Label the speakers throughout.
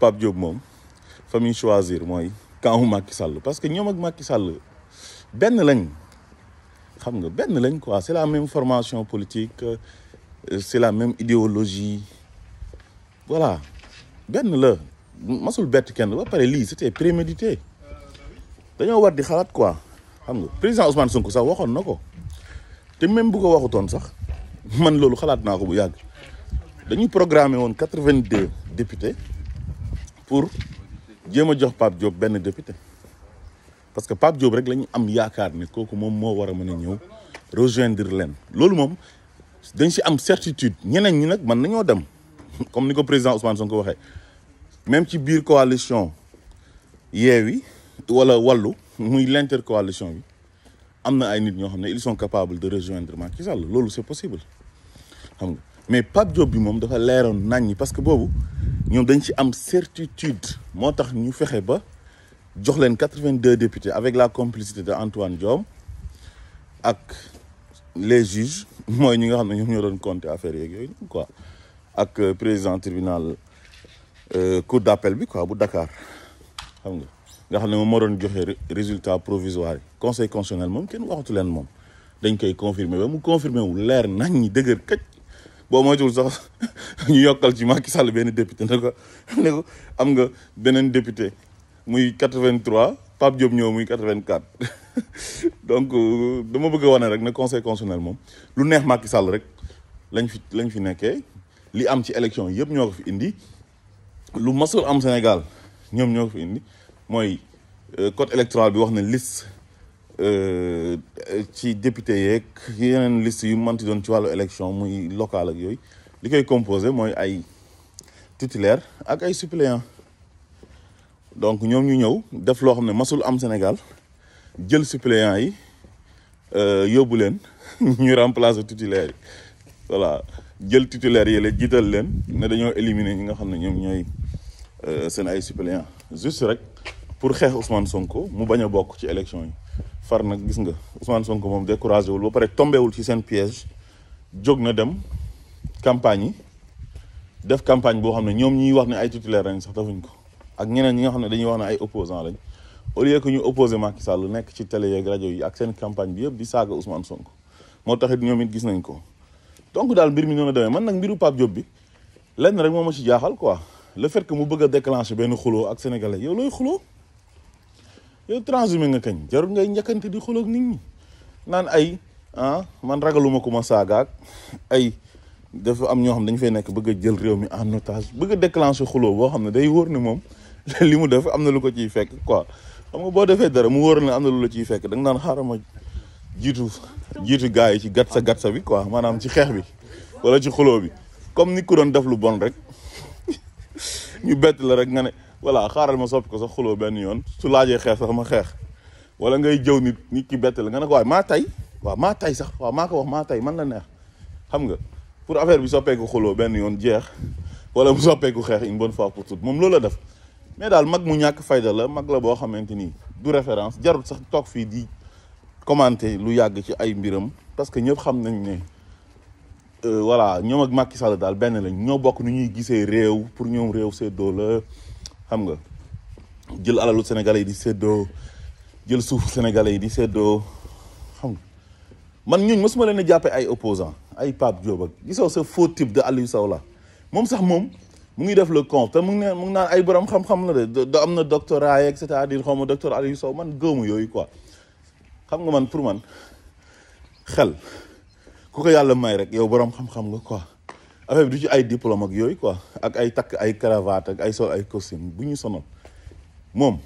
Speaker 1: Pape Diop mom, famille choisir moi, camp Macky Sall parce que nous ak Macky Sall benn lañ xam nga ben lañ quoi c'est la même formation politique euh, c'est la même idéologie voilà Ben le, masul bett kenn ba pare lii c'était prémédité dañoo war di xalaat quoi xam nga président Ousmane Sonko sax waxoon na ko même bu ko waxutoon sax man loolu xalaat naa ko bu yàgg dañuy programmer woon quatre députés pour jéem a jox Pape Diop benn député parce que pap Diop rek lañu am yaakaar ni kooku mom mo wara mëna mën ñëw rejoindre leen lolu mom dañ ci am certitude ñeneen ñi nak Man nañoo dem comme niko président Ousmane Sonko waxé même ci bir coalition Yewwi wala Wallu muy l'intercoalition bi amna ay nit ñoo xamné ils sont capables de rejoindre Macky Sall lolu c'est possible xam nga mais Pape Diop bi moom dafa leron nañ parce que bobu ñom dañ ci am certitude motax ñu fexé ba jox len 82 députés avec la complicité de Antoine Diom ak les juges moy ñi nga xam ñom ñoo doon compter affaire yeeg quoi ak euh, président tribunal euh, cour d'appel bi quoi bu Dakar xam nga nga xam mo doon joxe résultat provisoire conseil constitutionnel nous ken waxatu len mom dañ koy confirmer ba mu confirmer wu leer nañ ñi dëgër moi moytuwul sax ñu député ne député muy 83 Pape de 84 donc euh, dama bëgg wone rek ne conseil constitutionnel lu neex Macky Sall rek lañ fi lañ fi li indi lu am Sénégal ñom ñoo fi indi moy euh, code électoral bi wax liste. Euh, ci député yeeg yeneen liste yu manti doon ci wàllu élection muy local ak yooyu li koy composé mooy ay titulaire ak ay suppléant donc ñoom ñu ñëw def loo xam ne masul am Sénégal jël suppléant yi euh, yóbbu leen ñu remplacer titulaire yi voilà jël titulaire yi la jiital leen ne dañoo éliminer ñi nga xam ne ñoom ñooy euh, seen ay suppléant juste rek pour xeex Ousmane Sonko mu bañ a bokk ci élection yi far nag gis nga son Sonko moom découragé wul ba pare tombewul ci seen piège jóg na dem campagne yi def campagne boo xam ne ñoom ñuy wax ne ay titulaire lañ sax defuñ ko ak ñeneen ñi nga xam ne dañuy wax ne ay opposant lañ au lieu que ñu opposé Macky lu nekk ci télé yeeg rajo yi ak seen campagne bi yëpp di saaga son Sonko moo taxit ñoom it gis nañ ko donc daal mbir mi noonu demee man nag mbiru Pape Diop bi lenn rek moo ma ci jaaxal ko le fait que mu bëgg a déclencher benn xuloo ak sénégalais yow looy xuloo yow transhumé nga kañ jarul ngay njëkkante di xoloog nit ñi naan ay ah man ragaluma ku ma saagaak ay dafa am ñoo xam dañu fee nekk bëgg jël réew mi en notage bëgg a déclencher xuloo boo xam ne day wóor ne moom li mu def am na lu ko ciy fekk quoi xam nga boo defee dara mu wóor ne am na lu la ciy fekk da nga naan xaaral ma jiitu jiitu gars yi ci gatsa gatsa bi quoi maanaam ci xeex bi walla ci xuloo bi comme ni ku doon def lu bon rek ñu bett la rek nga ne voilà xaaral ma soppi ko sax xuloo benn yoon su laajee xeex sax ma xeex wala ngay jëw nit nit ki bett la nga ne ko waaye maa tay waaw maa tay sax waaw maa ko wax maa tay man la neex xam nga pour affaire bi soppeeku xuloo benn yoon jeex wala mu soppeeku xeex une bon fois pour toutes moom loolu la def mais daal mag mu ñàkk fayda la mag la boo xamante ni du référence jarul sax toog fii di commenter lu yàgg ci ay mbiram parce que ñëpp xam nañ ne Euh, voilà ñoom ak Macky Sall daal benn lañ ñoo bokk nu ñuy gisee réew pour ñoom réew séddoo la xam nga jël alalu Sénégalais yi di seddoo jël suuf Sénégalais yi di seddoo xam nga man ñun mosuma leen a jàppee ay opposant ay Pape Diop ak gisoo sa faux type de Aliou Sow la moom sax moom mu ngi def le compte te mu ngi ne mu naan ay borom xam-xam la de am na doctorat yeeg c'est-à-dire xaw ma docteur Aliou Sow man gëmu yooyu quoi xam nga man pour man xel. ku ko yàlla may rek yow borom xam-xam nga quoi affaire bi du ci ay diplôme ak yooyu quoi ak ay takk ay cravate ak ay sol ay costume bu ñu sonal moom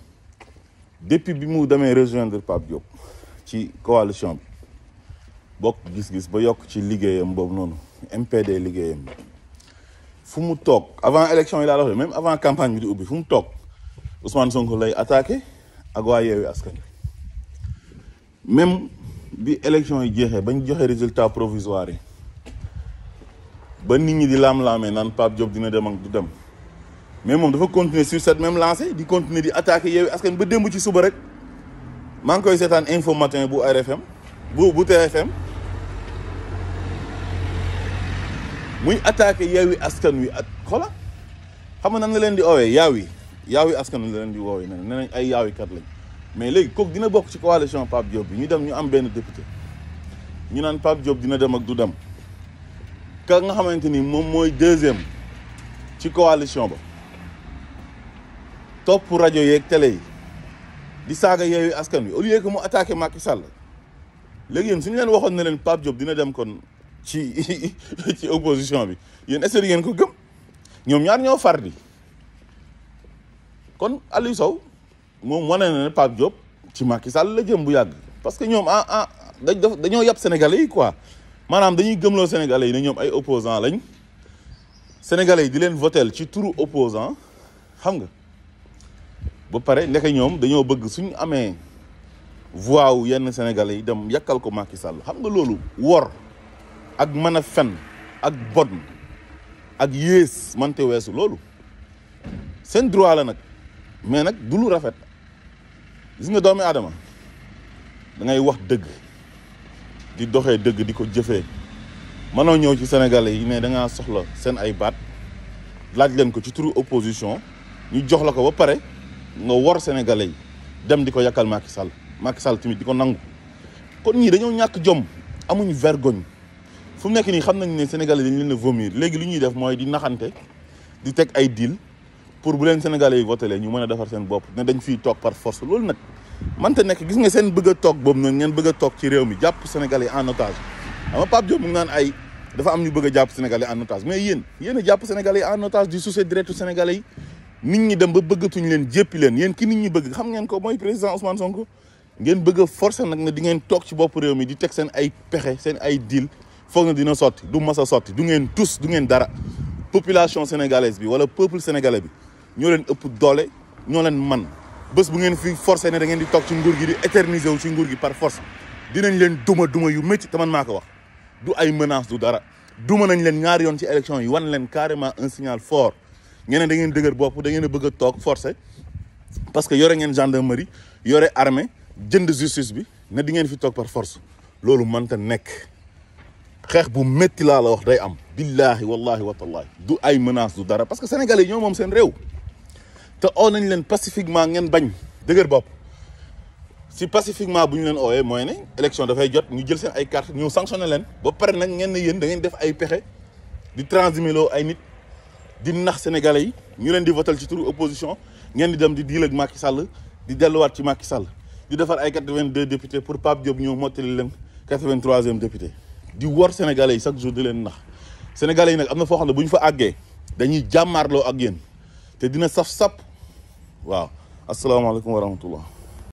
Speaker 1: depuis bi mu demee rejoindre Pape Diop ci coalition bi bokk gis-gis ba yokk ci liggéeyam boobu noonu MPD liggéeyam fu mu toog avant élection yi laa la wax même avant campagne bi di ubbi fu mu toog Ousmane Sonko lay attaqué ak waa Yewwi Askan Wi bi élection yi jeexee bañ joxe résultat provisoire yi ba nit ñi di laam-laamee naan Pape Diop dina dem ak du dem mais moom dafa continuer sur cette même lancée di continuer di attaquer Yewwi Askan ba démb ci suba rek maa ngi koy seetaan info matin bu RFM bu bu TFM muy attaquer Yewwi Askan wi at xola xam nga nan leen di oowee yaaw yi yaaw yi askan wi la leen di woowee nee nañ ay yaawikat lañ mais léegi kooku dina bokk ci coalition Pape Diop bi ñu dem ñu am benn député ñu naan Pape Diop dina dem ak du dem ka nga xamante ni moom mooy deuxième ci coalition ba topp rajo yeeg tele yi di saaga yeewi askan wi au lieu que mu attaqué Macky Sall léegi yéen suñu leen waxoon na leen Pape Diop dina dem kon ci ci opposition bi yéen est-ce que ko gëm ñoom ñaar ñoo far di kon Aliou Sow moom wane na ne Pape Diop ci Macky Sall la jëm bu yàgg parce que ñoom ah ah dañoo yab Sénégalais yi quoi maanaam dañuy gëmloo Sénégalais yi ne ñoom ay opposant lañ Sénégalais yi di leen votel ci turu opposant xam nga ba pare ndeke ñoom dañoo bëgg suñ amee voix wu yenn Sénégalais yi dem yàkkal ko Macky Sall xam nga loolu wor ak mën a fen ak bon ak yées mante weesu loolu seen droit la nag mais nag du lu rafet gis nga doomi aadama da ngay wax dëgg di doxee dëgg di ko jëfee mënoo ñëw ci sénégalais yi ne da soxla seen ay baat laaj leen ko ci turu opposition ñu jox la ko ba pare nga wor sénégalais yi dem di ko yàkkal Macky Sall Macky Sall di ko nangu kon ñii dañoo ñàkk jom amuñu vergogne fu mu nekk nii xam nañ ne sénégale dañ leen a vomir léegi lu ñuy def mooy di naxante di teg ay deal pour bu leen Sénégalais yi voté ñu mën a defar seen bopp ne dañ fiy toog par force loolu nag mante nekk gis nga seen bëgg toog boobu noonu ngeen bëgg a toog ci réew mi jàpp Sénégalais en otage ay dafa am ñu bëgg jàpp Sénégalais en otage mais yéen yéen a jàpp Sénégalais en otage di sucé directu Sénégalais yi nit ñi dem ba bëggatuñ leen jéppi leen yéen ki nit ñi bëgg xam ngeen ko mooy président Ousmane Sonko ngeen bëgg a forcer nag ne di ngeen toog ci bopp réew mi di teg seen ay pexe seen ay deal foog na dina sotti du mas a sotti du ngeen tous du ngeen dara population sénégalaise bi wala peuple sénégalais bi ñoo leen ëpp doole ñoo leen man bés bu ngeen fi forcé ne da ngeen di toog ci nguur gi di éterniser wu ci nguur gi par force dinañ leen duma duma yu métti te man maa ko wax du ay menace du dara duma nañ leen ñaari yoon ci élection yi wan leen carrément un signal fort ngeen da ngeen dëgër bopp da ngeen bëgg toog forcé parce que yore ngeen gendarmerie yore armée jënd justice bi ne di ngeen fi toog par force loolu mënta nekk xeex bu métti laa la wax day am billaahi wallahi watallaahi du ay menace du dara parce que sénégalais ñoo moom seen réew te oo nañ pacifiquement ngeen bañ dëgër bopp si pacifiquement buñ len leen moy né élection da fay jot ñu jël sen ay carte ñu sanctionné len ba pare nak ngeen yeen da ngeen def ay pexe di transhuméloo ay nit di nax sénégalais yi ñu len di votal ci tour opposition ngeen di dem di diil ak Macky Sall di delluwaat ci Macky Sall di défar ay 82 députés pour Pape Diop ñeu mottali leen 83e député di wor sénégalais yi chaque jour di len nax sénégalais yi nag am na foo xam fa àggee dañuy jamarlo ak yeen té dina saf-sap Uau. Assalamu alaikum rahmatullah.